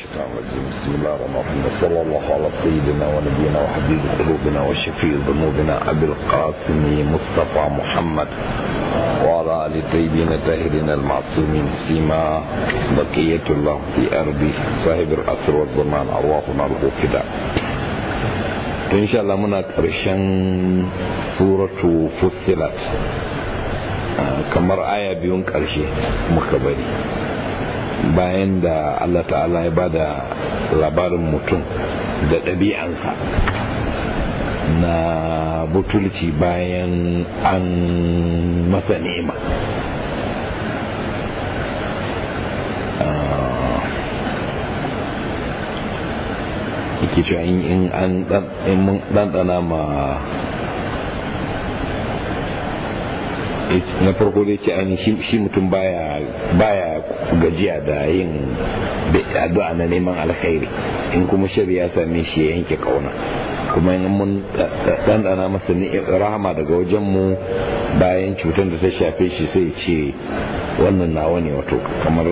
الشيطان الرجيم بسم الله الرحمن الرحيم صلى الله على سيدنا ونبينا وحبيب قلوبنا وشفيع ذنوبنا ابي القاسم مصطفى محمد وعلى ال الطيبين الطاهرين المعصومين سيما بقيه الله في ارضه صاحب العصر والزمان ارواحنا له فداء ان شاء الله منا قرشن سوره فصلت kamar aya biyun ƙarshe muka bari bayan da Allah ta'ala ya ba da labarin mutum da ɗabi'ansa na butulci bayan an masa nema. Ah. yake cewa in ɗanɗana ma na farko dai ce ainihin shi mutum baya gajiya da yin addu'a na neman alkhairi in kuma shari ya same shi ya yanke kauna kuma in mun ɗanɗana masa rahama daga wajen mu bayan cutar da ta shafe shi sai ce wannan nawa ne wato kamar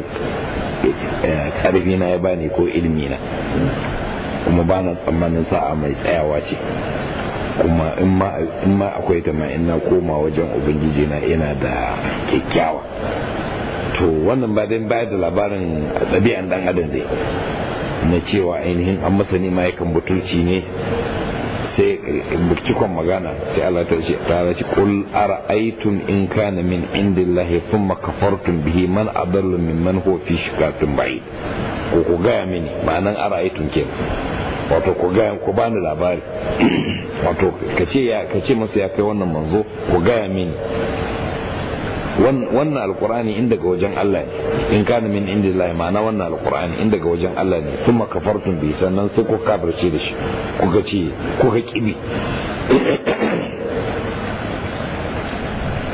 karfi eh, na ya bani ko ilmi na kuma ba na tsammanin sa'a mai tsayawa ce kuma in ma akwai ta ina koma wajen ubangiji na ina da kyakkyawa to wannan ba dai bayar da labarin ɗabi'an dan adam dai na cewa ainihin an masa ma kan butulci ne sai bukikon magana sai Allah ta ce ta ce qul ara'aytum in kana min indillahi thumma kafartum bihi man adallu mimman huwa fi shikatin bayi ko ku gaya mini ma'anan ara'aytum kenan wato ku gaya ku bani labari wato ka ce ya masa ya kai wannan manzo ku gaya mini wannan alkur'ani in daga wajen Allah ne in kana min indillahi ma'ana wannan alkur'ani in daga wajen Allah ne kuma kafartun bi sannan sai ku kafirce da shi kuka ce kuka kibi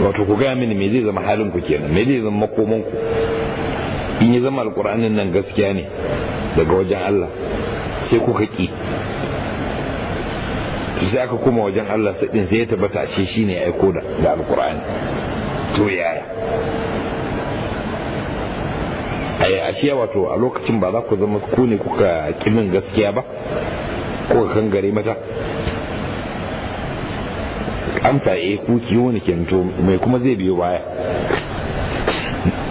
wato ku gaya mini me zai zama halin ku kenan me zai zama makoman ku in ya zama alkur'anin nan gaskiya ne daga wajen Allah sai kuka ki sai aka kuma wajen Allah din sai ya tabbata shi ne aiko da da alkur'ani to yaya ai ashe wato a lokacin ba za ku zama ku ne kuka kimin gaskiya ba ko kan kangare mata amsa e ku ki wani ke to mai kuma zai biyo baya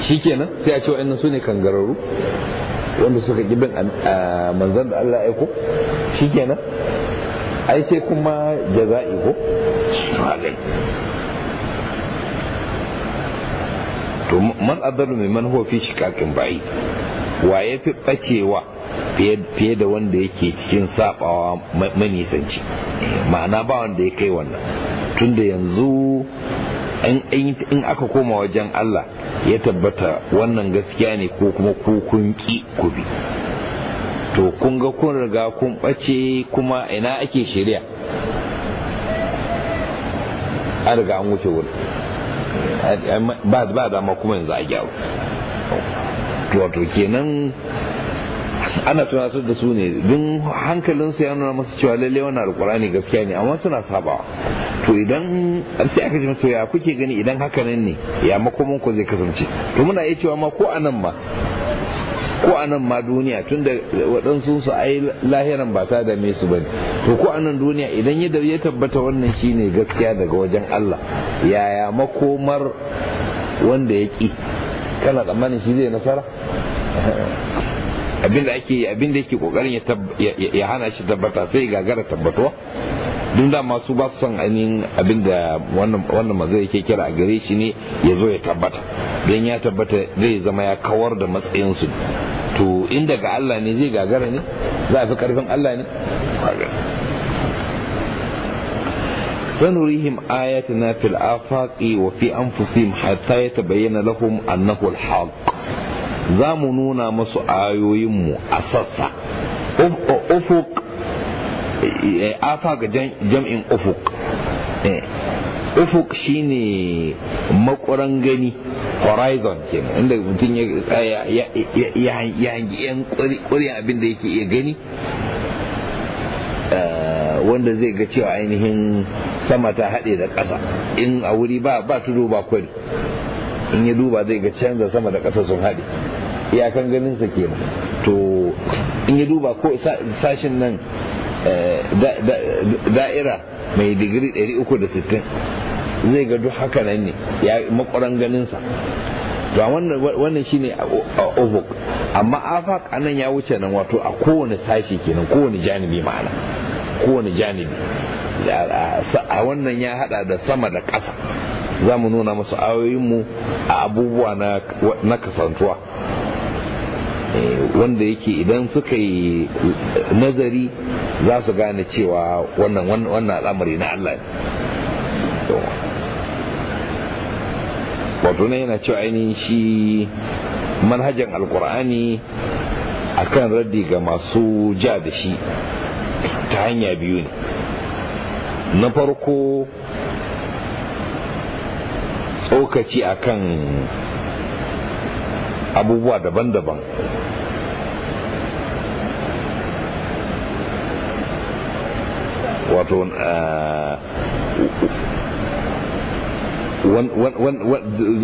shikenan sai a ce wa'annan su ne kangararru wanda suka ƙi bin manzan da Allah aiko shi kenan ai sai kuma jaza'i ko to man adalu mimman huwa fi shikakin bayi wa ya fi ɓacewa fiye da wanda yake cikin saɓawa manisanci ma'ana ba wanda ya kai wannan tunda yanzu in aka koma wajen Allah ya tabbata wannan gaskiya ne ko kuma ku kun ki ku bi to kun ga kun riga kun ɓace kuma ina ake shirya a riga an wuce wuri ba dama kuma yanzu a gyaru wato kenan ana tunatar da su ne don hankalinsu ya nuna masu cewa lalle wannan ne gaskiya ne amma suna sabawa to idan sai aka ji to ya kuke gani idan haka nan ne ya makomin ku zai kasance to muna iya cewa ma ko a nan ma ko a nan ma duniya tun da waɗansu su a yi lahiran ba ta dame su ne to ko a nan duniya idan ya ya tabbata wannan shine gaskiya daga wajen Allah yaya makomar wanda ya ƙi kana tsammanin shi zai nasara abinda ake yi abinda yake kokarin ya hana shi tabbata sai gagara tabbatuwa don da masu ba su son ainihin abinda wannan mazai yake kira a gare shi ne ya zo ya tabbata don ya tabbata zai zama ya kawar da matsayinsu to in daga Allah ne zai gagara ne za a fi karfin Allah ne سنريهم آياتنا في an وفي hatta حتى يتبين lahum أنه الحق za mu nuna masu ayoyinmu a sassa um, ufuk eh, afa ga jam'in ufuk eh, ufuk shine makuran gani horizon kenan inda mutum ya hangi yan abin da yake iya gani eh, wanda zai ga cewa ainihin sama ta haɗe da ƙasa in a wuri ba ba tudu ba kwari in ya duba zai ga canza sama da ƙasa sun haɗe ya kan ganin sa kenan to in ya duba ko sashin nan eh, da'ira mai digiri 360 zai ga duk haka nan ne ya makwaran sa, to wannan shine ovok amma afak anan ya wuce nan wato a kowane sashi kenan kowane janibi ma'ana kowane janibi a wannan ya hada da sama da ƙasa za mu nuna masu mu a abubuwa na kasantuwa Eh, wanda yake idan suka yi eh, nazari za su gane cewa wannan wannan al'amari na Allah ne wato ne yana cewa ainihin shi manhajan alkur'ani akan raddi ga masu ja da shi ta hanya biyu ne na farko tsokaci akan abubuwa daban-daban wato eh,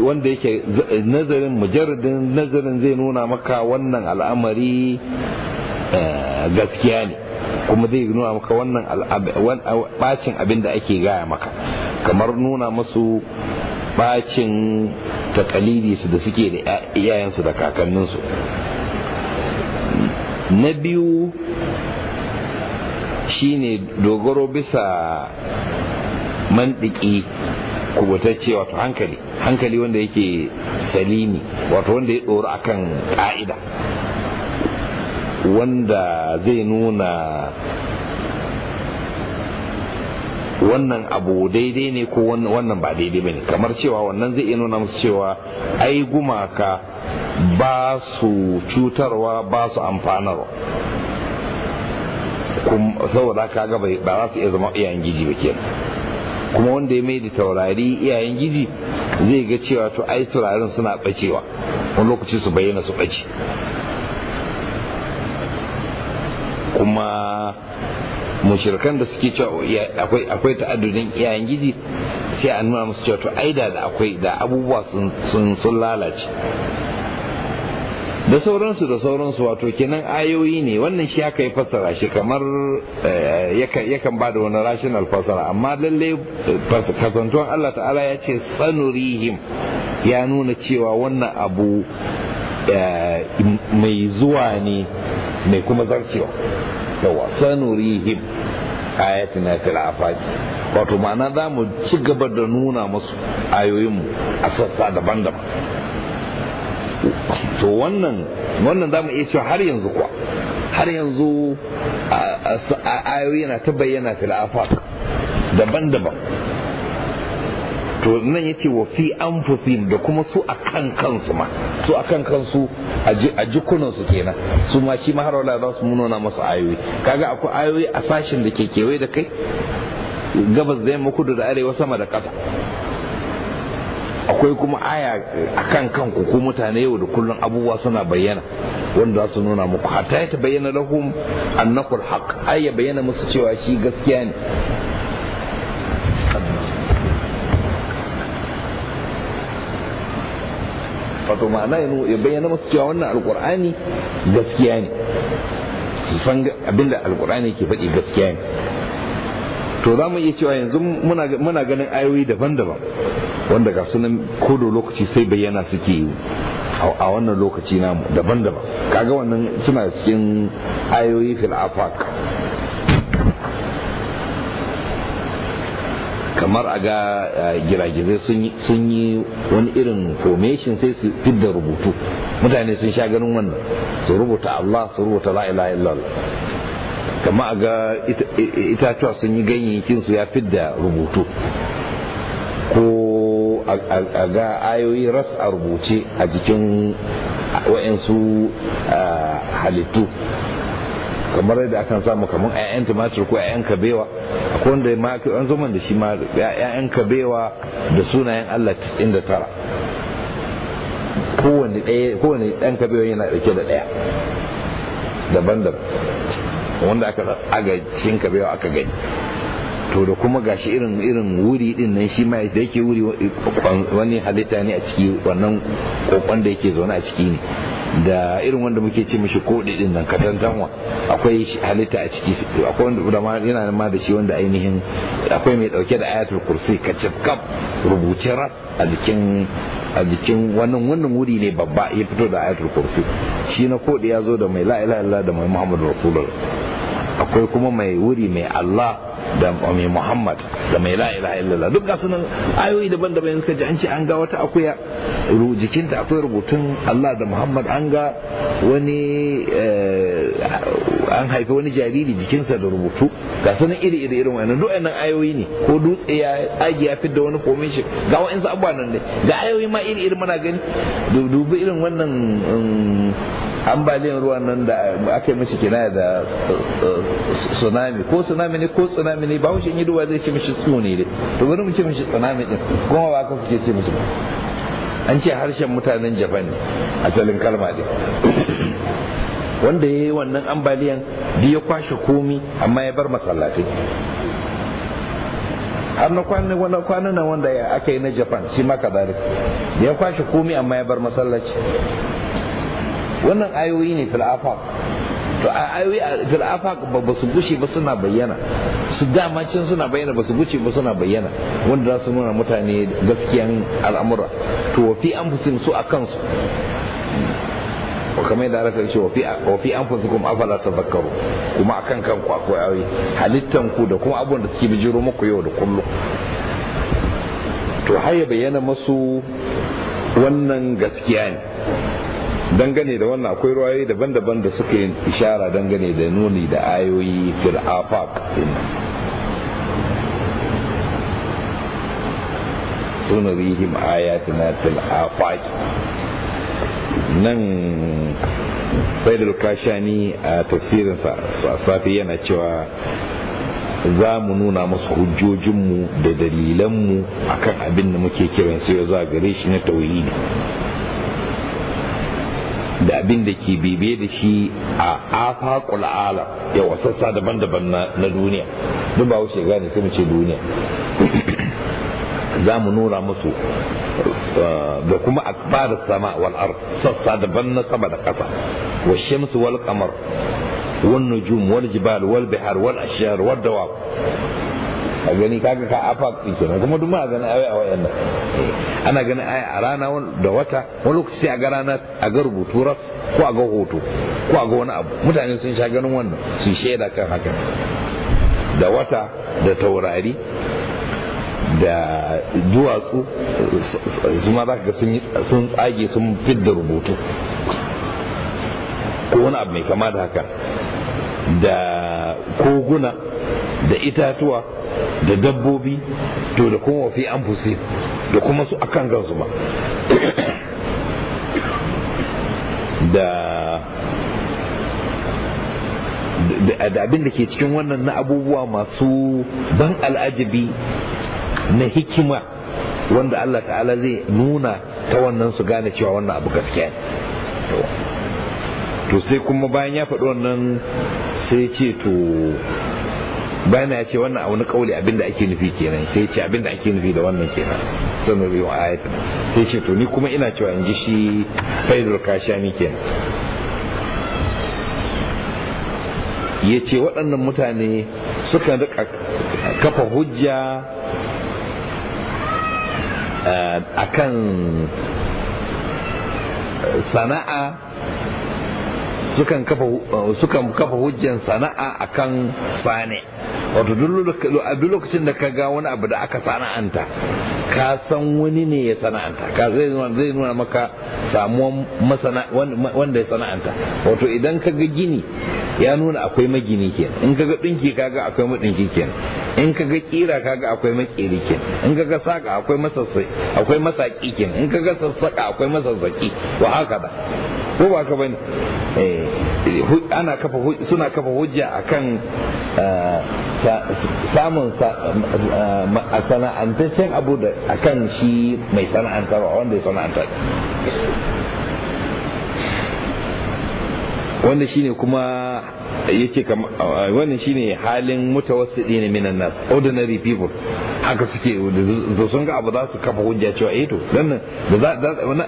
wanda yake nazarin mujarradin nazarin zai nuna maka wannan al'amari eh, gaskiya ne kuma zai nuna maka wannan bacin abin da ake gaya maka kamar nuna masu bacin kalili su da suke da iyayensu da kakanninsu na biyu shine dogaro bisa mantiki kubutacce wato hankali hankali wanda yake salimi wato wanda ya tsoro akan ka'ida wanda zai nuna wannan abu daidai ne ko wannan ba daidai bane kamar cewa wannan zai nuna musu cewa ai gumaka ba su cutarwa ba su amfanarwa saboda ka kaga ba za su iya zama iyayen giji ba kenan kuma wanda ya mai da taurari iyayen giji zai ga cewa to ai taurarin suna bacewa wani lokaci su bayyana su bace kuma mushirkan da suke cewa akwai akwai ta'addudin iyayen giji sai a nuna musu cewa to ai da akwai da abubuwa sun sun lalace da sauransu da sauransu wato kenan ayoyi ne wannan shi aka yi fassara shi kamar eh, yakan ba da wani rational fassara amma lalle eh, kasantuwan Allah ta'ala ya ce sanurihim ya nuna cewa wannan abu eh, mai zuwa ne mai kuma zarcewa yawa sanurihim ayatina fil afaq wato ma'ana za mu ci gaba da nuna musu mu a sassa daban-daban to wannan wannan za mu iya cewa har yanzu kuwa har yanzu ayoyi na ta bayyana fil afaq daban-daban to nan ce wa fi anfusihim da kuma su a kan kansu ma su a kan kansu a jikunan su kenan su ma shi ma har za su nuna masu ayoyi kaga akwai ayoyi a sashen da ke kewaye da kai gabas da yamma kudu da arewa sama da ƙasa akwai kuma aya a kan kanku ku mutane yau da kullum abubuwa suna bayyana wanda za su nuna muku hatta ya ta bayyana lahum annakul haq ayya bayyana musu cewa shi gaskiya ne wato ma'ana ya bayyana masu cewa wannan alkur'ani gaskiya ne su san abinda alkur'ani ke faɗi gaskiya ne to za mu iya cewa yanzu muna ganin ayoyi daban-daban wanda ga sunan kodo lokaci sai bayyana suke yi a wannan lokaci namu daban-daban kaga wannan suna cikin ayoyi fil'afak kamar a ga giragizai sun yi wani irin formation sai su fidda rubutu mutane sun sha ganin wannan su rubuta Allah su rubuta la ilaha illallah kamar a ga itatuwa sun yi ganyayyakin su ya fidda rubutu ko a ga ayoyi ras a rubuce a jikin wa'insu halittu kamar yadda akan samu kamar 'ya'yan tumatur ko 'ya'yan kabewa akwai wanda ma an zo da shi ma 'ya'yan kabewa da sunayen Allah 99 kowane ɗaya kowane ɗan kabewa yana ɗauke da ɗaya daban-daban wanda aka tsaga cikin kabewa aka gani to da kuma gashi irin irin wuri din nan shi ma da yake wuri wani halitta ne a ciki wannan kokon da yake zaune a ciki ne da irin wanda muke ce mishi koɗi din nan katantanwa akwai halitta a ciki akwai wanda da ma yana ma da shi wanda ainihin akwai mai dauke da ayatul kursi kacif kaf rubuce ras a jikin a jikin wannan wannan wuri ne babba ya fito da ayatul kursi shi na koɗi ya zo da mai la ilaha illallah da mai muhammadu rasulullah akwai kuma mai wuri mai allah da mai muhammad da mai la ilaha illallah duk gasu nan ayoyi daban-daban suka ji an ce an ga wata akuya jikinta akwai rubutun allah da muhammad an ga wani eh, an haifi wani jariri jikinsa da rubutu ga sanin iri-iri irin wani duk nan ayoyi ne ko dutse ya agi ya fidda wani komin shi ga wa'insu abubuwan nan ne ga ayoyi ma iri-iri mana gani dubi irin wannan um, ambaliyan ruwan nan da aka yi mishi kina da eh, tsunami ko tsunami ne ko tsunami ne ba shi in yi duba zai ce mishi tsuni ne to wani mu ce mishi tsunami din kuma ba ka suke ce mishi an ce harshen mutanen japan ne asalin kalma ne wanda ya yi wannan ambaliyan da ya kwashe komi amma ya bar masallatai har na kwanan nan wanda aka yi na japan shi ma kadari ya kwashe komi amma ya bar masallaci wannan ayoyi ne filafak to a ayoyi a filafak ba su gushe ba suna bayyana su dama can suna bayyana ba su gushe ba suna bayyana wanda za su nuna mutane gaskiyan al'amura to an fusin su a kansu kamar yadda aka ce wa fi anfusikum afala tadhakkaru kuma akan kanku akwai ayoyi halittan ku da kuma abubuwan da suke bijiro muku yau da kullum to har ya bayyana masu wannan gaskiya ne dangane da wannan akwai ruwayoyi daban-daban da suka yi ishara dangane da nuni da ayoyi fil afaq sunarihim ayatina fil afaq nan saidul kashani a tafsirin safi yana cewa za mu nuna masu hujjojinmu da dalilanmu akan abin da muke kiransu ya za gare shi na tauhidi da abin da ke bebe da shi a afakul alam ya sassa daban-daban na duniya duk ba wuce gane sai mu ce duniya za mu nura musu uh, da kuma akbar sama wal ard sassa daban na sama da kasa wa shamsu wal qamar wal nujum wal jibal wal bihar wal ashyar wal dawab a gani kaga ka afaq din kenan kuma duk muna gani ayoyi a wayannan eh, ana gani aya a rana da wata wani lokaci a ga rana a ga rubutu ras ko a ga hoto ko a ga wani abu mutane sun sha ganin wannan su shaida kan haka da wata da taurari da duwatsu su ma za ka sun tsage sun fidda rubutu ko wani abu mai kama da haka da koguna da itatuwa da dabbobi to da kuma fi anfusi da kuma su akan gansu ba da da abin da ke cikin wannan na abubuwa masu ban al'ajabi na hikima wanda Allah ta'ala zai nuna ta wannan su gane cewa wannan abu gaskiya to sai kuma bayan ya faɗi wannan sai ce to bayan ya ce wannan a wani kauli abinda ake nufi kenan sai ce abinda ake nufi da wannan kenan rubi wa sai ce to ni kuma ina cewa in ji shi faidul ni kenan ya ce waɗannan mutane suka rika kafa hujja eh, a kan eh, sana'a sukan kafa uh, sukan kafa hujjan sana'a akan sane wato duk lokacin da ka ga wani abu da aka sana'anta ka san wani ne ya sana'anta ka zai zai nuna maka samuwan masana wanda ya sana'anta wato idan ka ga gini ya nuna akwai magini kenan in ka ga dinki ka ga akwai madinki kenan in ka ga kira ka ga akwai makeri kenan in ka ga saka akwai masassai akwai masaki kenan in ka ga sassaka akwai masassaki wa haka ba ko ba ka bane eh, ana kafa suna kafa hujja akan eh, samun sana'antaccen abu da akan shi mai sana'antar wanda ya sana'antar wanda shine kuma yake wannan shine halin mutawassidi ne minan nas ordinary people haka suke da sun ga abu za su kafa hujja cewa eh to dan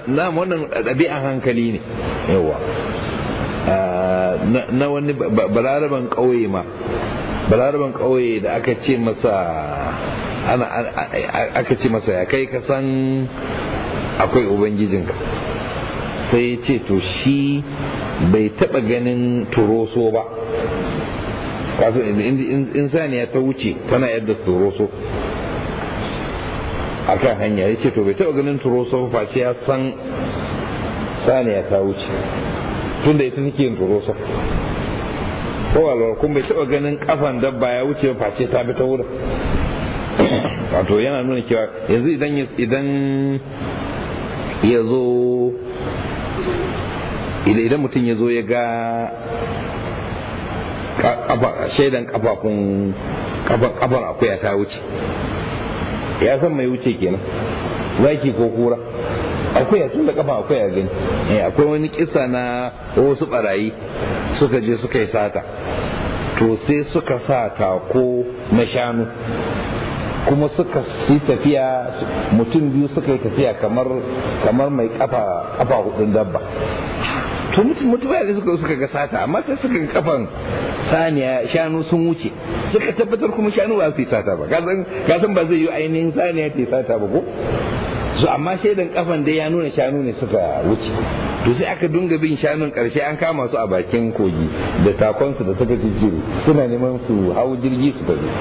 na wannan ɗabi'an hankali ne yawa na wani balaraban ƙauye ma balaraban ƙauye da aka ce masa ana aka ce masa ya kai ka san akwai ubangijinka sai ya ce to shi bai taɓa ganin turoso ba kasu in saniya ta wuce tana yadda turoso a kan hanya ya ce to bai taɓa ganin turoso ba face ya san saniya ta wuce tun da ita take yin turoso kowalwar kuma bai taɓa ganin kafan dabba ya wuce ba face ta bi ta wurin wato yana nuna cewa yanzu idan idan ya zo idan mutum ya zo ya ga shaidan kafafun akwai akuya ta wuce ya san mai wuce kenan zaki ko kura akuya tun da kafa akuya gani eh, akwai wani kisa na wasu barayi suka je suka yi sata to sai suka sa ko na shanu kuma suka yi tafiya mutum biyu suka yi tafiya kamar mai kafa hudun dabba to mutuwa da suka suka ga sata amma sai suka ga kafan saniya shanu sun wuce suka tabbatar kuma shanu ba su yi sata ba kasan ba zai yi ainihin saniya ta sata ba ko su amma shaidan kafan dai ya nuna shanu ne suka wuce to sai aka dunga bin shanun karshe an kama su a bakin kogi da takonsu da suka jijjiru suna neman su hau jirgi su tafi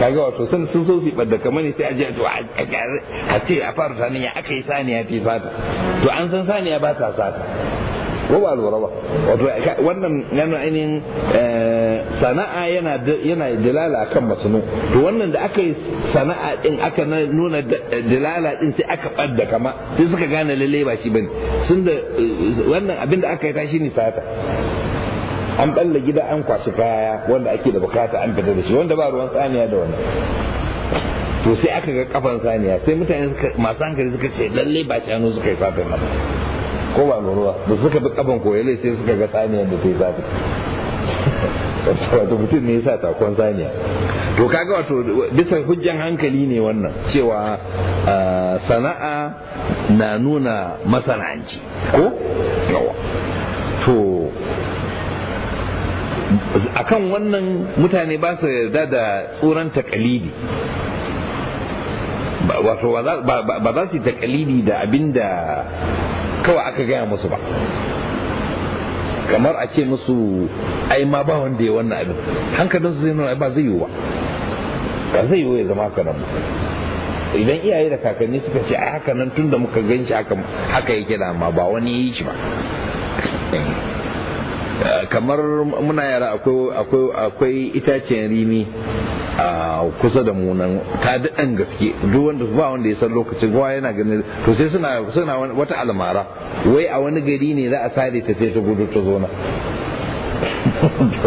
kaga wato sun sun so su badda kamar sai a je to a ce a fara saniya aka yi saniya ta sata to an san saniya ba ta sata ko ba lura ba wato wannan yana ainihin eh, sana'a yana yana dilala akan masano to wannan da aka yi sana'a din aka nuna eh, dilala din sai aka badda kama sai suka gane lalle ba shi bane sun da eh, wannan abin da aka yi ta shine sata an balla gida an kwashi kaya wanda ake da bukata an fita da shi wanda ba ruwan tsaniya da wannan to sai aka ga kafan saniya sai mutane masu hankali suka ce lalle ba shanu suka yi sata nan ko ba lura ba da suka bi kafan koyale sai suka ga saniyar da sai zafi wato mutum ne yasa takon saniya to kaga wato bisa hujjan hankali ne wannan cewa sana'a na nuna masana'anci ko yawa to akan wannan mutane ba su yarda da tsoron takalidi ba za su yi takalidi da abin da kawai aka gaya musu ba kamar a ce musu ai ma ba wanda ya wannan abin hankalin su zai nuna ba zai yiwu ba ba zai yiwu ya zama haka nan idan iyaye da kakanni suka ce ai haka nan tun da muka gan shi haka yake da ma ba wani yi shi ba eh. Eh, kamar muna yara akwai itacen rimi a kusa da mu nan ta daɗan gaske duk wanda ba wanda ya san lokacin kowa yana ganin to sai suna suna wata almara wai a wani gari ne za a sare ta sai ta gudu ta zo na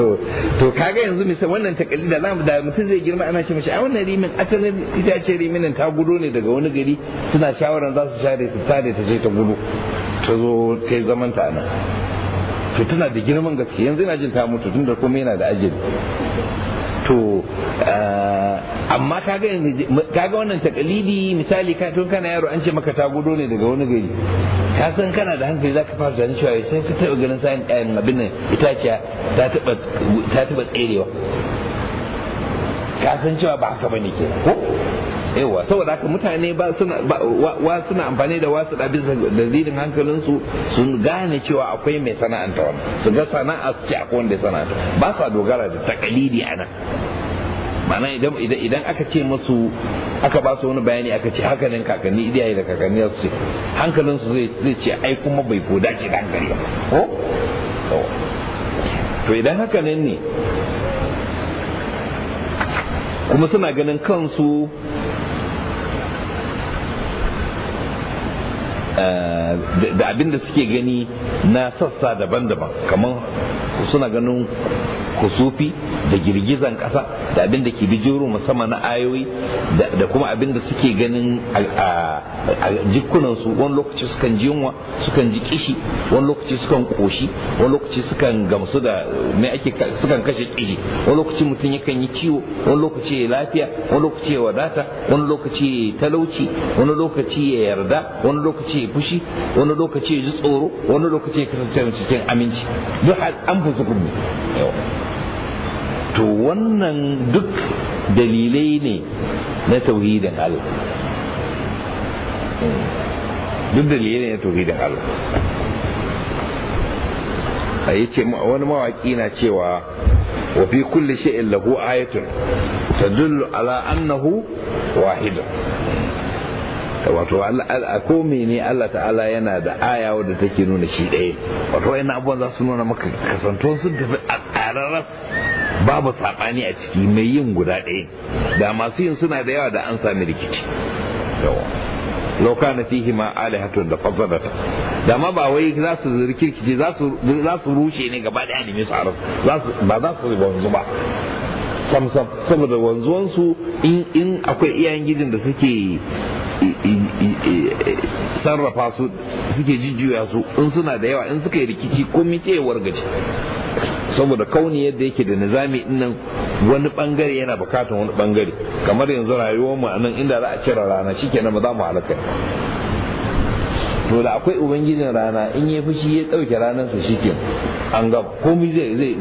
to kaga yanzu misal wannan takalli da zamu da mutum zai girma ana ce mishi a wannan rimin asalin itace riminin ta gudu ne daga wani gari suna shawaran za su share ta sare ta sai ta gudu ta zo kai zaman ta nan to tana da girman gaske yanzu ina jin ta mutu tunda komai yana da ajali to eh, amma kaga wannan takalidi misali ka tun kana yaro an ce maka ta gudo ne daga wani gari ka san kana da hankali za ka fara tunanin cewa sai ka taɓa ganin sayan ɗayan eh, abin nan itaciya ta taɓa tserewa ka san cewa ba haka bane ke ko yawa saboda haka mutane ba suna wa suna amfani da wasu da bisa dalilin hankalinsu sun gane cewa akwai mai sana'anta wannan su ga sana'a su ci akwai wanda sana'anta ba sa dogara da takalidi ana ma'ana idan aka ce musu aka ba su wani bayani aka ce haka nan kakanni idiyaye da kakanni su ce hankalinsu zai ce ai kuma bai ko dace da hankali ba ko to idan haka nan ne kuma suna ganin kansu da abin da suke gani na sassa daban-daban kamar suna ganin kusufi da girgizan kasa da abin da ke bijiro musamman na ayoyi da kuma abin da suke ganin a jikunansu wani lokaci sukan ji yunwa sukan ji kishi wani lokaci sukan koshi wani lokaci sukan gamsu da mai ake sukan kashe kishi wani lokaci mutum yakan yi ciwo wani lokaci ya lafiya wani lokaci ya wadata wani lokaci ya talauci wani lokaci ya yarda wani lokaci yi fushi wani lokaci ya ji tsoro wani lokaci ya kasance cikin aminci duk an fusu kurmi to wannan duk dalilai ne na tauhidin Allah duk dalilai ne na tauhidin Allah a yi ce wani mawaƙi na cewa wa fi kulli shay'in lahu ayatun tadullu ala annahu wahidun wato ko mene Allah ta'ala yana da aya wadda take nuna shi ɗaya wato wani abubuwan za su nuna maka kasanto sun tafi a tsararas babu saɓani a ciki mai yin guda ɗaya da masu yin suna da yawa da an sami rikici lauka na fihi ma alihatun da fasadata da ma ba wai za su rikirkice za su rushe ne gaba ɗaya ne su arab ba za su wanzu ba sam sam saboda wanzuwansu in akwai iyayen gidin da suke sarrafa su suke jijjuya su in suna da yawa in suka yi rikici ko miƙewar gaji saboda kauni yadda yake da nizami nan wani bangare yana bukatan wani bangare kamar yanzu rayuwar mu nan inda za a cire rana shikenan ba za mu halaka to da akwai ubangijin rana in ya fushi ya dauke ranarsa shikenan an gaba komai zai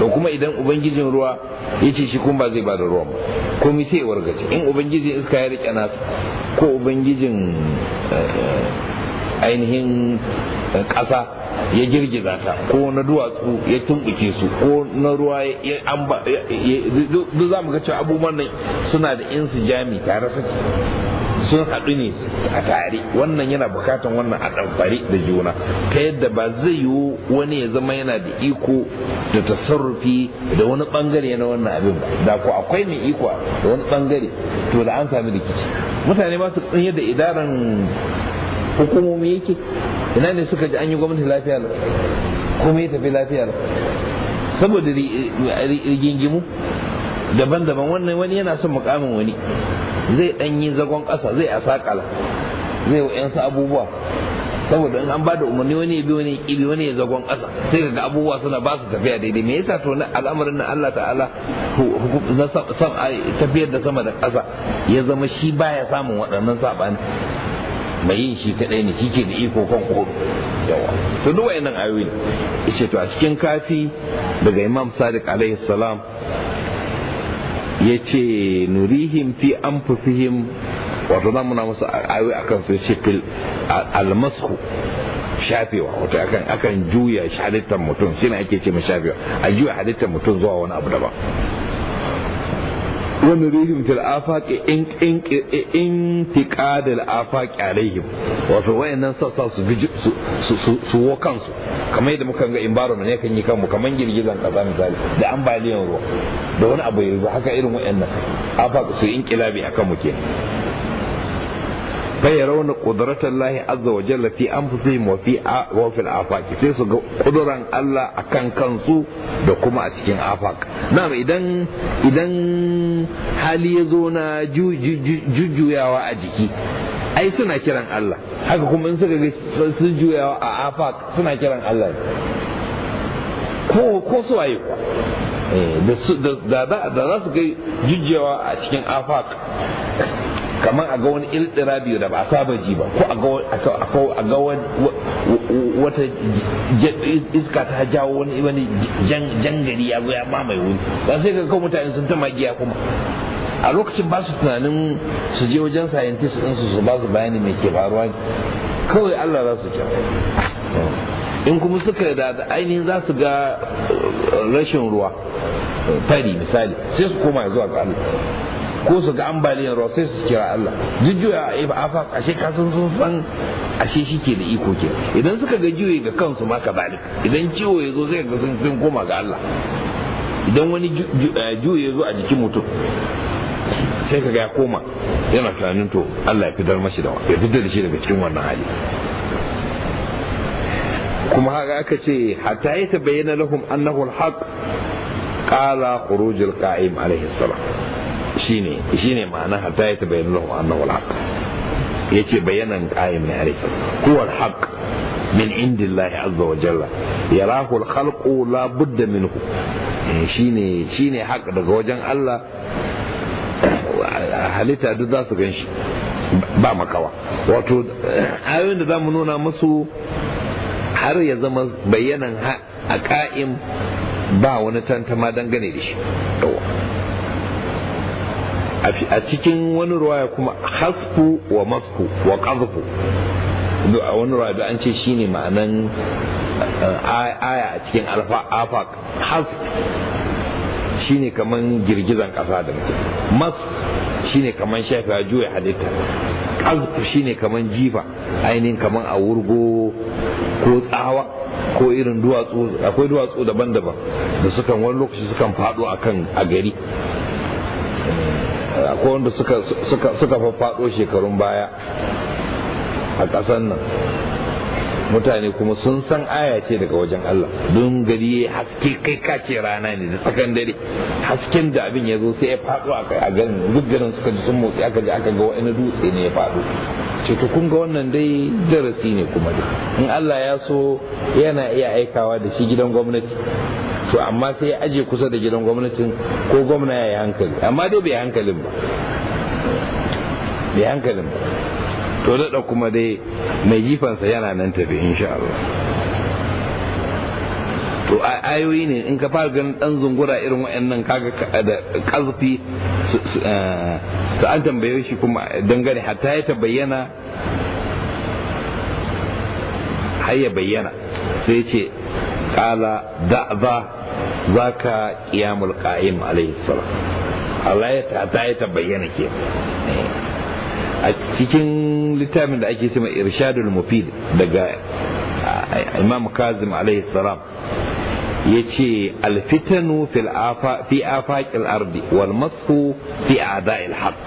da kuma idan ubangijin ruwa ya ce shi kuma ba zai ba da ruwan ba mai sai wargace in ubangijin iska ya rike nasa ko ubangijin eh, ainihin eh, ƙasa ya girgiza ta ko na duwatsu ya tumbuke su ko na ruwa ya amba duk za mu ga cewa abubuwan nan suna da insu jami tare suke sun haɗu ne a tare wannan yana bukatan wannan a ɗanfari da juna ta yadda ba zai yiwu wani ya zama yana da iko da tasarrufi da wani ɓangare na wannan abin ba da ko akwai mai iko da wani ɓangare to da an sami rikici mutane ba su yadda idaran hukumomi yake ina ne suka ji an yi gwamnati lafiya kuma ya tafi lafiya saboda rigingimu daban-daban wannan wani yana son mukamin wani zai dan yi zagon ƙasa zai asakala zai wa yansa abubuwa saboda in an ba da umarni wani ya bi wani ya kibi wani ya zagon ƙasa sai ga abubuwa suna ba su tafiya daidai me yasa to na al'amarin na Allah ta'ala na san tafiyar da sama da ƙasa ya zama shi baya samun waɗannan ne. mai yin shi kadai ne shike da iko kan kodu yawa to duk wayannan ayoyi ne ce to a cikin kafi daga Imam Sadiq alaihi salam ya ce nurihim fi fusihim wato za muna musu ayoyi a kansu ya ce fil almasku shafewa wato akan juya halittar mutum shi ne ake ce mai shafewa a juya halittar mutum zuwa wani abu daban ونريهم في الآفاق إن إن انتقاد الآفاق عليهم wato wayannan sassa su wo kansu kamar yadda muka ga in environment yakan yi kanmu kamar girgizan kasa misali da ambaliyan ruwa da wani abu ya haka irin wayannan afaq su inkilabi a kanmu kenan fayarawna lahi azza wa jalla fi anfusihim wa fi wa fil afaq sai su ga kuduran Allah akan kansu da kuma a cikin afaq na'am idan idan hali ya zo na jujjuyawa a jiki ai suna kiran Allah haka kuma in suka ga sun juyawa a afaq suna kiran Allah ko ko su waye eh, da za su ga jujjuyawa a cikin afaq kamar a ga wani biyu da ba a saba ji ba ko a ga wata iska ta jawo wani wani jangari ya zo ya mai wuri ba sai ga mutane sun ta magiya kuma a lokacin ba su tunanin su je wajen scientist din su su ba su bayani mai ke faruwa kawai Allah za su kira in kuma suka da ainihin za su ga rashin ruwa fari misali sai su koma zuwa ga Allah ko su ga ambaliyar ruwa sai su kira Allah jujjuya a afaq ashe ka sun san ashe ke da iko ke idan suka ga jiwe ga kansu ma ka balik idan ciwo ya zo sai ga sun koma ga Allah idan wani eh, juye ya zo a jikin mutum sai ka ga ya koma yana tunanin to Allah ya fitar mashi da ya fi da shi daga cikin wannan hali kuma haka aka ce hatta ya tabayyana lahum annahu alhaq qala khurujul qa'im alaihi salam shine shine ma'ana hatta ya tabayyana lahu annahu al-haq yace bayanan qayyim ne alayhi huwa al-haq min indillahi azza wa jalla yarahu al-khalqu la budda minhu eh, shine shine haq daga wajen Allah halitta duk za su ganshi ba makawa wato ayoyin da za mu nuna musu har ya zama bayanan a ka'im ba wani tantama dangane da shi a cikin wani ruwaya kuma hasfu wa masku wa qazfu a wani ruwaya da an ce shine ma'anan aya a cikin alfa afaq hasf shine kaman girgizan kasa da mutum mas shine kaman shafi juya halitta shi shine kaman jifa ainihin kaman a wurgo ko tsawa ko irin duwatsu akwai duwatsu daban-daban da sukan wani lokaci sukan faɗo akan a gari akwai wanda suka suka shekarun baya a ƙasar nan mutane kuma sun san ayace daga wajen Allah don gari ya haske kai kace rana ne da tsakan dare hasken da abin ya zo sai ya faɗo a garin duk garin suka ji sun motsi aka ji aka ga wani dutse ne ya faɗo ce to kun ga wannan dai darasi ne kuma dai in Allah ya so yana iya aikawa da shi gidan gwamnati to amma sai ya aje kusa da gidan gwamnatin ko gwamna ya yi hankali amma dai bai hankalin ba bai hankalin ba to da kuma dai mai jifansa yana nan tafi insha Allah to ayoyi ne in ka fara ganin dan zungura irin waɗannan kaga da kazfi su eh, an tambaye shi kuma dangane hatta ya ta bayyana har ya bayyana sai ce kala da'za zaka ka qa'im alaihi salam Allah ya ta bayyana ke a cikin littafin da ake cima irshadul mufid daga imam kazim alaihi salam yace alfitanu fil fi afaqil ardi wal masfu fi a'da'il haqq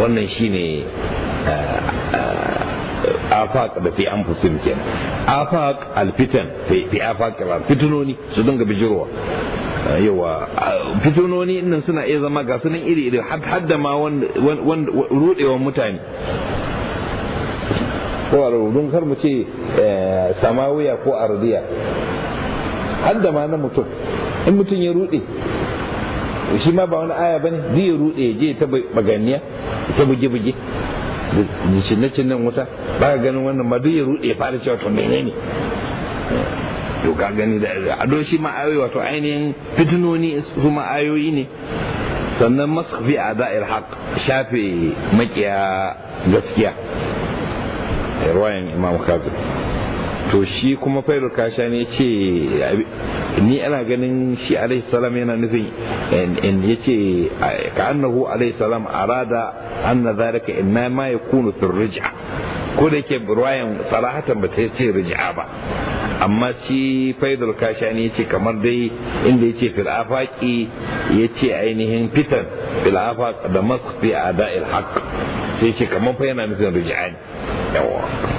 wannan shine afaq da fi anfusihim kenan afaq alfitan fi afaq fitunoni su dinga bijirwa ah, yawa ah, fitunoni nan suna iya zama ga sunan iri iri da ma rudewan mutane ko a rudun kar mu ce eh, samawiya ko ardiya da ma na mutum in mutum ya rude shi ma ba wani aya bane zai rude je ta baganiya ta buge-buge da cinne-cinnen wuta ba ka ganin wannan ma duk ya rude fara cewa to menene to ka gani da a doshi ma ayoyi wato ainihin fitinoni su ma ayoyi ne sannan masu fi a da'ir haq shafe makiya gaskiya ruwayan imam kazi to shi kuma fairul kasha ne ce ni ana ganin shi alaihi salam yana nufin in yace ka annahu alaihi salam arada zaraka in na ma ya kunu fi rij'a ko da yake ruwayan sarahatan ba ta ce rij'a ba amma shi faidul ne ce kamar dai inda ya yace filafaki ya ce ainihin fitan fil afaq da a da'il haqq sai ce kamar fa yana nufin rij'a ne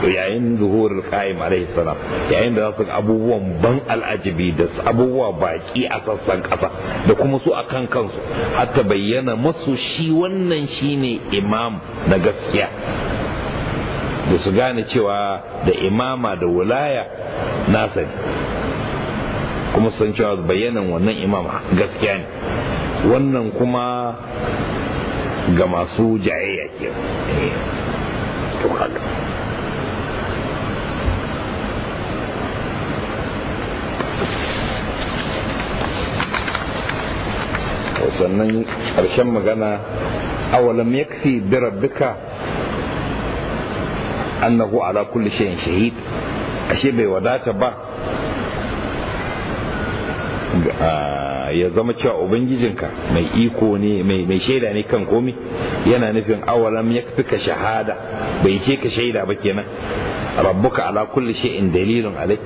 to yayin zuhurul qaim alaihi salam yayin da zasu abubuwan ban al'ajibi da abubuwa baki a sassan kasa da kuma su akan kansu hatta bayyana masu shi wannan shine imam na gaskiya da su gane cewa da imama da wulaya nasa ne kuma san cewa bayanan wannan imam gaskiya ne wannan kuma ga masu jayayya ke eh, to sannan ƙarshen magana awalam yakfi duka rabbika annahu ala kulli shay'in shahid ashe bai wadata ba ya zama cewa ubangijinka mai iko ne mai shaida ne kan komi yana nufin awalam ya fi ka shahada bai ce ka shaida ba kenan rabbuka ala kulli shay'in dalilin alai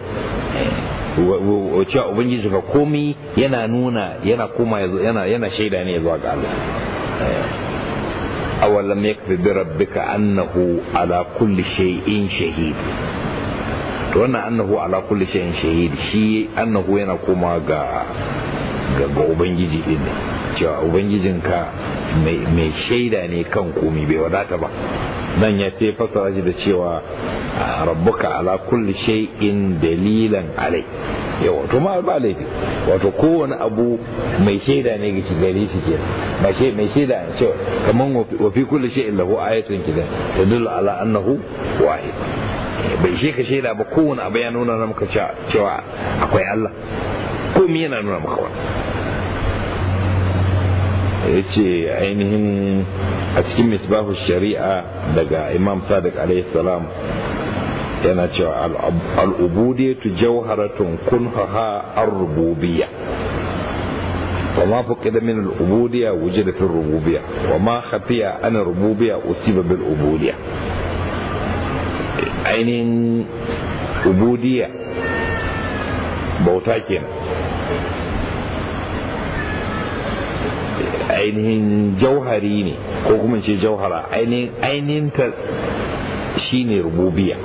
cewa ubangiji ka komi yana nuna yana koma yana yana shaida ne zuwa ga Allah eh. awalam yakfi bi rabbika annahu ala kulli shay'in shahid to wannan annahu ala kulli shay'in shahid shi annahu yana koma ga ga ubangiji din ne cewa ubangijinka mai shaida ne kan komi bai wadata ba nan ya sai fasara shi da cewa rabbuka ala kulli shay'in dalilan alai yawa wato ma ba laifi wato kowane abu mai shaida ne ga gare shi ke ba shi mai shaida ne cewa kaman wa fi kulli shay'in lahu ayatun kidan tadullu ala annahu wahid bai shi ka shaida ba kowane abu ya nuna maka cewa akwai Allah ko me yana nuna maka wani ya ce ainihin a cikin misbahu shari'a daga imam sadiq alaihi salam yana cewa al'ubudiyatu jawharatun kunhaha ar min وما فقد من العبودية rububiya في الربوبية وما خفي عن الربوبية أصيب بالعبودية ainihin ubudiyya bauta kenan ainihin jauhari ne ko kuma ce jauhara ainihin ta shi ne rububiya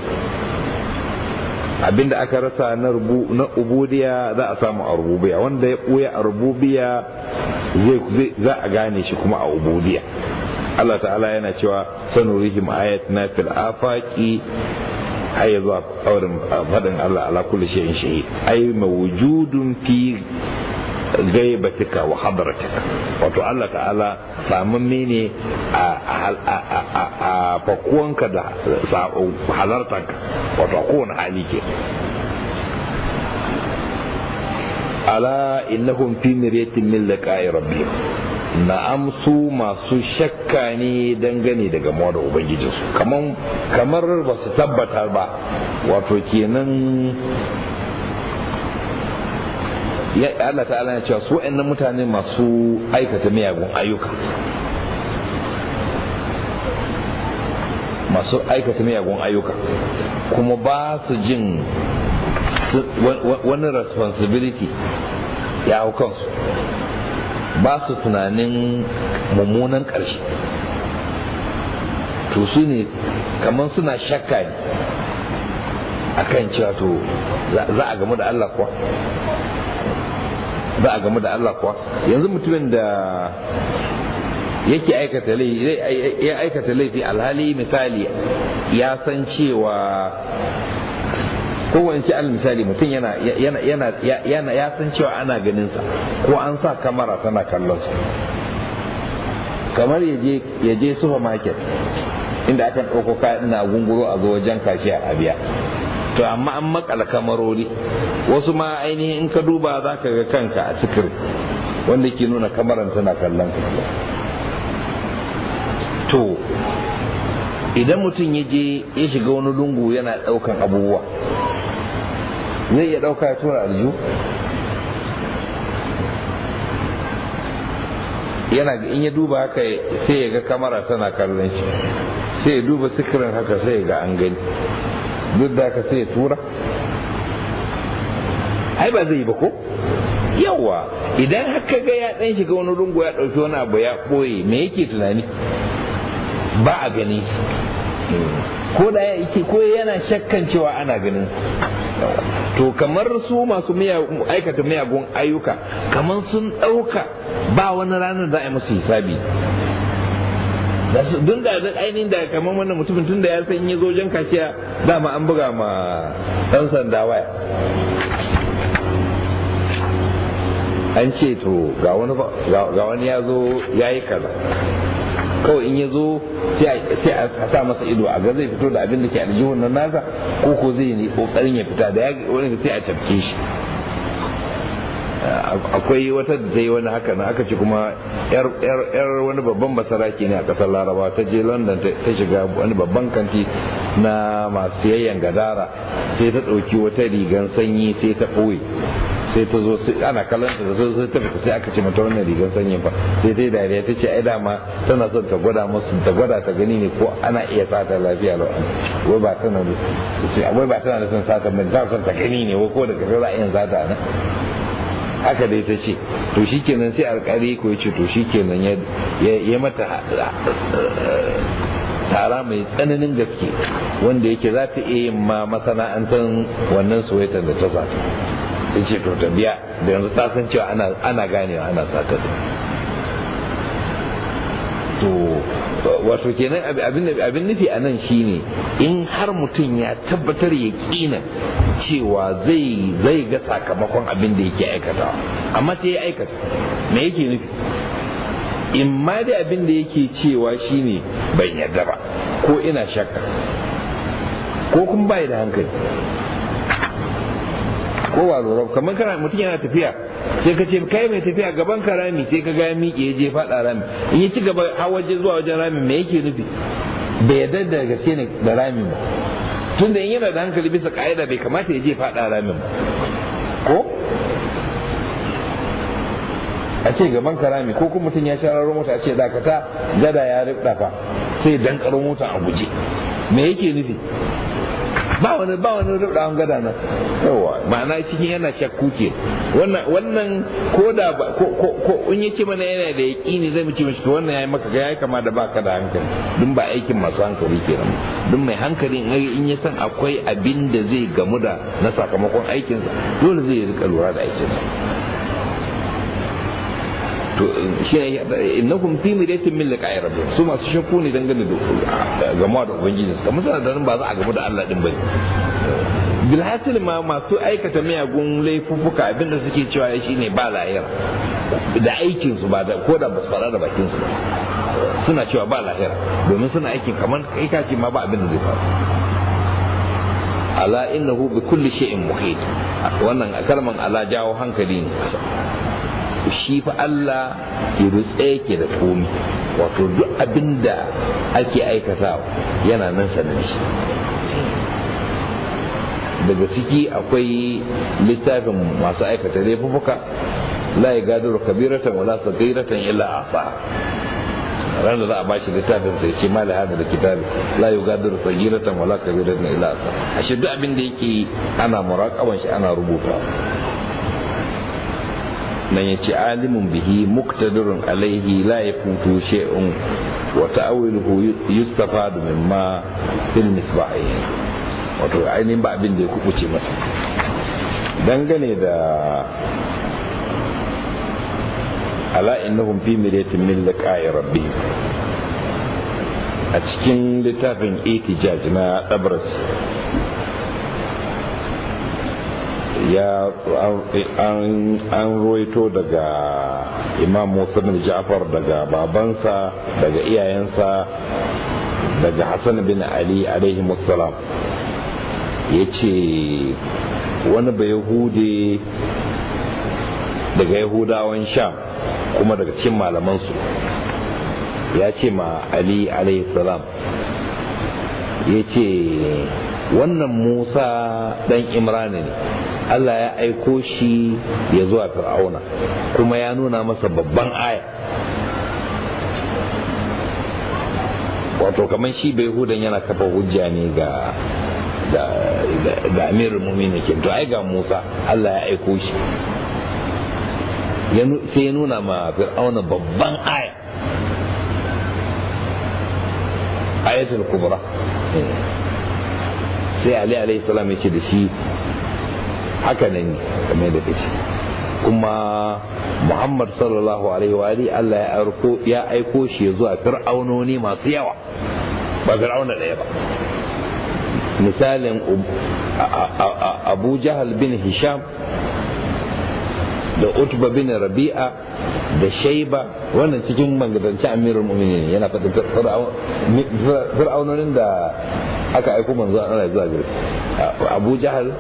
abinda aka rasa na ubudiya za a samu a rububiya wanda ya ɓuya a rububiya za a gane shi kuma a ubudiya Allah ta'ala yana cewa sanurihim ayatina fil afaqi har ya zuwa faɗin Allah ala kulli shay'in shahid ay mawjudun fi gaibatika wa hadratika wato Allah ta'ala samun ne a fakuwanka da halartanka wato a kowane hali ke ala innahum fi miryatin min liqa'i rabbihim na amsu masu shakka ne dangane daga mawa ubangijinsu kamar ba su tabbatar ba wato kenan ya Allah ta'ala ya cewa su ɗan mutane masu aikata miyagun ayyuka masu aikata miyagun ayyuka kuma ba su jin wani responsibility ya hau kansu ba su tunanin mummunan karshe to su ne kamar suna shakka ne kan cewa to za a gamu da Allah kuwa za a gamu da Allah kuwa yanzu mutumin da yake aikata laifi ya aikata laifi alhali misali ya san cewa kowane al misali mutum yana ya san cewa ana ganin sa ko an sa kamara tana kallon sa kamar yaje yaje supermarket inda aka ɗauko kayan na gunguro a zo wajen kashiya a biya to amma an makala kamarori wasu ma ainihin in ka duba za ka ga kanka a sikir wanda ke nuna kamaran tana kallon ka to idan mutum ya je ya shiga wani lungu yana ɗaukan abubuwa zai iya ɗauka ya tura aljihu yana in ya duba haka sai ya ga kamara tana kallon shi sai ya duba sikirin haka sai ya ga an gani duk da ka sai ya tura ai ba zai ba ko yawa idan haka ga ya dan shiga wani rungu ya dauki wani abu ya koye me yake tunani ba a gani ko da yake ko yana shakkan cewa ana ganin to kamar su masu aikata miyagun ayyuka kamar sun dauka ba wani ranar za a yi musu hisabi dun da ainihin da kamar wannan mutumin tun da ya san ya zo jan kaciya dama an buga ma dan sanda waya an ce to ga wani ya zo ya yi kaza kawai in ya zo sai a sa masa ido a ga zai fito da abin da ke aljihun nan nasa ko ko zai ne kokarin ya fita da ya wani sai a tafke shi akwai wata da ta yi wani haka na aka ce kuma yar wani babban masaraki ne a kasar laraba ta je london ta shiga wani babban kanti na masu yayyan gadara sai ta ɗauki wata rigan sanyi sai ta ɓoye sai ta zo ana kalanta da sai ta fita sai aka ce mata wannan rigan sanyin fa sai ta yi dariya ta ce ai dama tana son ta gwada musu ta gwada ta gani ne ko ana iya sata lafiya lau wai ba tana da wai ba tana da son sata mai ta son ta gani ne ko daga sai za a iya sata na haka dai ta ce to kenan sai alkari ko ya ce to shikenan ya mata eh, tara mai tsananin gaske wanda yake za ta iya yin ma masana'antar wannan suwaitar da ta sata ta ce to ta da yanzu ta san cewa ana ganewa ana sata to wato kenan abin nufi a nan shine in har mutum ya tabbatar ya kina cewa zai zai ga sakamakon abin da yake aikata amma sai ya aikata me yake nufi in ma dai abin da yake cewa shine ban yadda ba ko ina shakka ko kuma bai da hankali ko ba lura kamar kana mutum yana tafiya sai ka ce kai mai tafiya gaban ka rami sai ka ga ya miƙe ya je faɗa rami in yi ci gaba waje zuwa wajen rami me yake nufi bai yadda da gaske ne da rami ba da in yana da hankali bisa ka'ida bai kamata ya je faɗa ramin ba ko a ce gaban ka rami ko kuma mutum ya shararo mota a ce dakata gada ya rifda sai dan karo mota a guje me yake nufi ba wani ba wani rubdawan gada nan yawa ma'ana cikin yana shakku ke wannan wannan ko da ko in yace mana yana da yaqini zai ce mishi to wannan yayi maka yayi kama da baka da hankali dun ba aikin masu hankali kenan dun mai hankali in ya san akwai abin da zai gamu da na sakamakon aikinsa dole zai rika lura da aikinsa to shi innahum fi miratin min liqa'i rabbihim su masu shakku ne dangane da gama da ubangiji kamar sana da ba za a gamu da Allah din bane bilhassil ma masu aikata miyagun laifuffuka abinda suke cewa shi ne ba lahira da aikin su ba da ko da basu fara da bakin su suna cewa ba lahira domin suna aikin kamar kai ka ce ma ba abinda zai faru ala innahu bi kulli shay'in muhit wannan kalman ala jawo hankali ne shi fa Allah ya rutse yake da komi wato duk abin da ake aikatawa yana nan sanin shi daga ciki akwai littafin masu aikata laifuka la ya da kabiratan wala sagiratan illa asa ran da za a bashi littafin sai ce mali hada da kitabi la da sagiratan wala kabiratan illa asa ashe duk abin da yake ana muraqaban shi ana rubuta nan yace alimun bihi muktadirun alaihi la yafutu shay'un wa ta'awiluhu yustafadu mimma fil misbahi wato ainihin ba abin da ya kubuce masa dangane da ala innahum fi miratin min liqa'i rabbihim a cikin littafin itijaj na tabras ya an roito daga imam musa bin ja'far daga babansa daga iyayensa daga hassan bin ali alaihi musallam ya ce wani bayahude daga yahudawan sham kuma daga cikin malamansu ya ce ma ali alaihi salam ya ce wannan musa dan imrani ne Allah ya aiko shi ya zuwa fir'auna kuma ya nuna masa babban aya wato kamar shi bai hudan yana kafa hujja ne ga da amirul na ke to ai ga Musa Allah ya aiko shi sai ya nuna ma fir'auna babban aya ayatul kubra sai ali alaihi salam ya ce da shi haka nan ne kamar da kace kuma muhammad sallallahu alaihi wa alihi Allah ya aiko ya aiko shi zuwa fir'aunoni masu yawa ba fir'auna daya ba misalin abu jahal bin hisham da utba bin rabi'a da shaiba wannan cikin mangadanci amirul mu'minin yana fata fir'aunonin da aka aiko manzo Allah zuwa gare Abu Jahal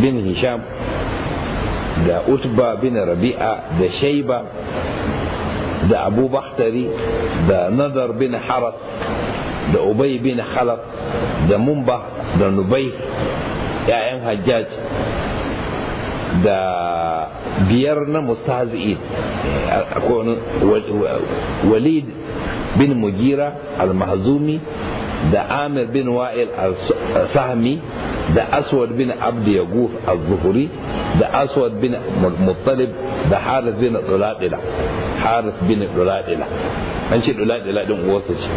bin Hisham da Utba bin Rabi'a da Shayba da Abu Bakhtari da Nadar bin Haras da Ubay bin Khalaf da Mumba da Nubay ‘ya'yan Hajjaj da biyar na mustahzi'in akwai walid bin mugira al-mahzumi da amir bin wa'il al-sahmi da aswad bin abd yaguf al-zuhuri da aswad bin muttalib da harith bin duladila harith bin duladila an ce duladila din uwarsa ce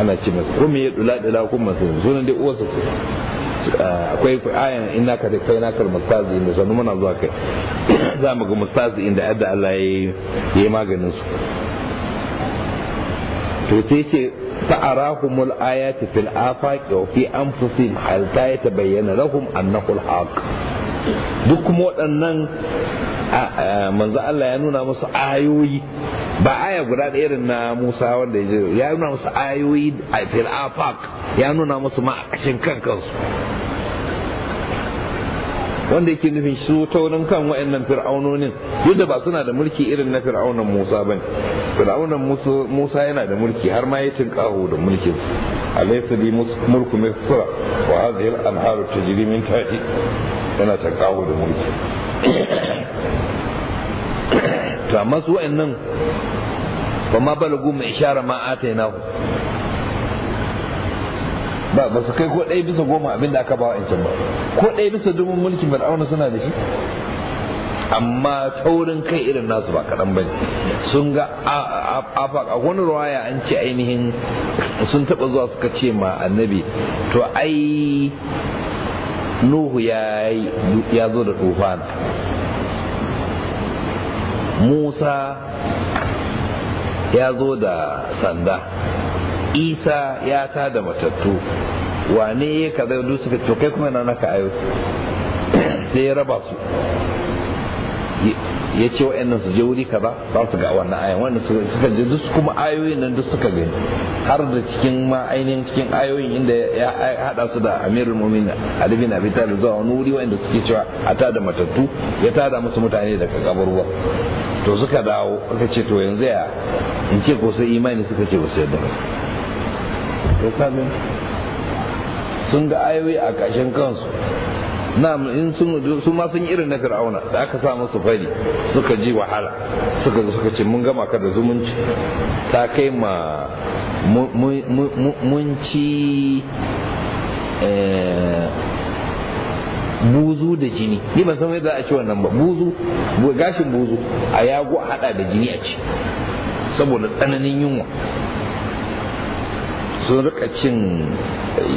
ana ce masa ko me duladila kuma sun sunan dai uwarsa ce akwai ayan ina ka kai na kar mustazi inda sanu muna zuwa kai za mu ga mustazi inda adda Allah ya yi maganin su to sai ce فأراهم الآيات في الآفاق وفي أنفسهم هل تبين لهم أنه الحق duk kuma waɗannan manzo Allah ya nuna musu ayoyi ba aya guda da irin na Musa wanda ya nuna musu ayoyi a fil afaq ya nuna musu ma a kashin kankansu wanda yake nufin su taurin kan nan fir'aunonin duk da ba suna da mulki irin na fir'aunan Musa ba ne fir'aunan Musa yana da mulki har ma ya kawo da mulkin su alaysa bi mulku misra wa hadhihi al-anharu tajri min tahti yana kawo da mulki to amma su nan ba ma balagu mu ishara ma atainahu ba ba su kai ko ɗaya bisa goma abinda da aka ba wa ba ko ɗaya bisa dumin mulkin fir'auna suna da shi amma taurin kai irin nasu ba kaɗan ba sun ga a wani ruwaya an ce ainihin sun taɓa zuwa suka ce ma annabi to ai nuhu ya zo da tufan musa ya zo da sanda isa ya ta da matattu wane ya kaza duk suka to kai kuma na naka ayo sai ya raba su ya ce yannan su je wuri kaza za su ga wannan ayan wannan suka je duk kuma ayoyin nan duk suka gani har da cikin ma ainihin cikin ayoyin inda ya hada su da amirul mu'minin alibin bin abi talib zuwa wani wuri wanda suke cewa a tada matattu ya tada musu mutane daga kabarwa to suka dawo aka ce to yanzu ya in ce ko sai imani suka ce ba su yadda ba kamin sun ga ayoyi a ƙashin kansu na in sun su ma sun irin na fir'auna da aka sa musu fari suka ji wahala suka zo suka ce mun gama ka da zumunci ta kai ma mun ci eh, buzu da jini ni ban san yadda a ci wannan ba buzu gashin buzu a yago a hada da jini a ci saboda tsananin yunwa sun rika cin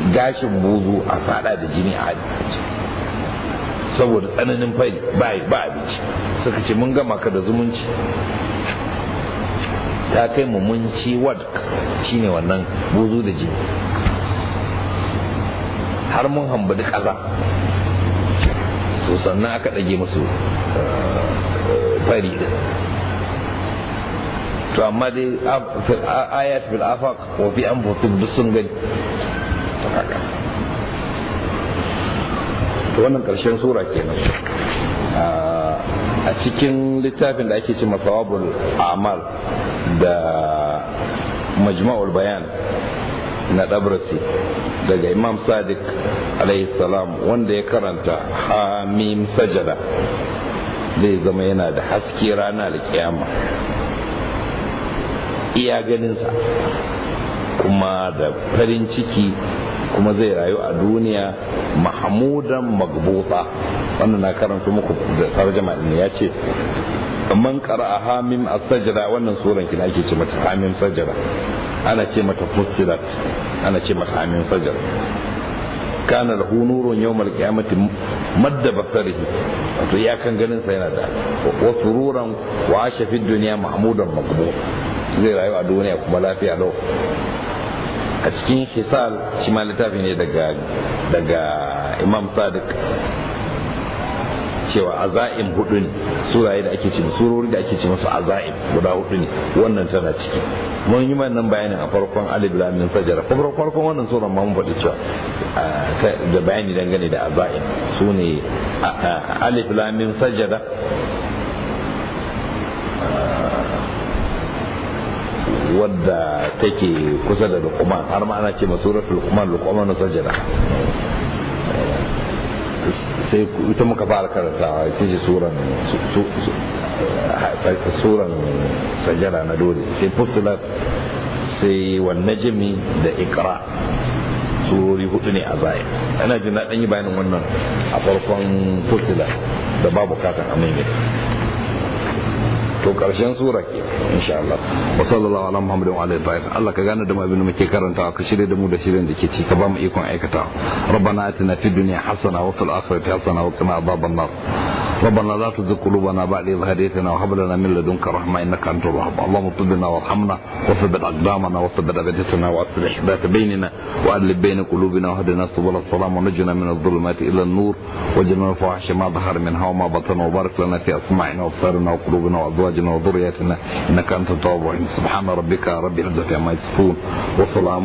gashin buzu a fada da jini a abinci saboda tsananin fari ba abinci suka ce mun gama ka da zumunci ta kai mu mun ci shine wannan buzu da jini har mun hambadi ƙasa to sannan aka ɗage musu eh, fari to amma dai ayat bil afaq wa fi anfusikum duk sun gani to wannan karshen sura kenan ah, a cikin littafin da ake ce masawabul amal da majma'ul bayan na dabrasi daga imam sadiq alaihi salam wanda ya karanta hamim sajada zai zama yana da haske rana da kiyama iya ganinsa kuma da farin ciki kuma zai rayu a duniya mahmudan magbuta wannan na karanta muku da tarjama din ya ce man qara'a hamim as-sajda wannan suran kina ake ce mata hamim sajda ana ce mata fussilat ana ce mata hamim sajda kana lahu nurun yawmal qiyamati madda basarihi wato ya kan ganin sa yana da wa sururan wa ashafi dunya mahmudan magbuta zai rayu a duniya kuma lafiya lau a cikin hisal shi ma littafi ne daga imam sadiq cewa azaim hudu ne suraye da ake ce surori da ake ce musu azaim guda hudu ne wannan tana ciki mun yi nan bayanin a farkon alif lam min sajara farkon wannan sura ma mun faɗi cewa da bayani dangane da azaim sune alif lam min sajara wadda take kusa da lukman har ma ana ce masuratul luqman na sajada sai ita muka fara karantawa ita ce suran suran sajada na dole sai fusilat sai wannan jimi da ikra surori hudu ne a zaya ana jin na yi bayanin wannan a farkon fusilat da babu kakan amai to karshen sura ke insha Allah wa sallallahu ala muhammadin wa alihi Allah ka gane da mu abin da muke karantawa ka shirye da mu da shirin da ke ci ka ba mu ikon aikata rabbana atina fid dunya hasana wa fil akhirati hasana wa qina adhaban nar ربنا لا تزغ قلوبنا بعد إذ هديتنا وهب لنا من لدنك رحمة إنك أنت الوهاب اللهم اغفر لنا وارحمنا وثبت أقدامنا وثبت أبدتنا وأصلح ذات بيننا وأدلب بين قلوبنا وهدنا سبل السلام ونجنا من الظلمات إلى النور وجنا الفواحش ما ظهر منها وما بطن وبارك لنا في أسماعنا وأبصارنا وقلوبنا وأزواجنا وذرياتنا إنك أنت التواب سبحان ربك رب العزة عما يصفون وسلام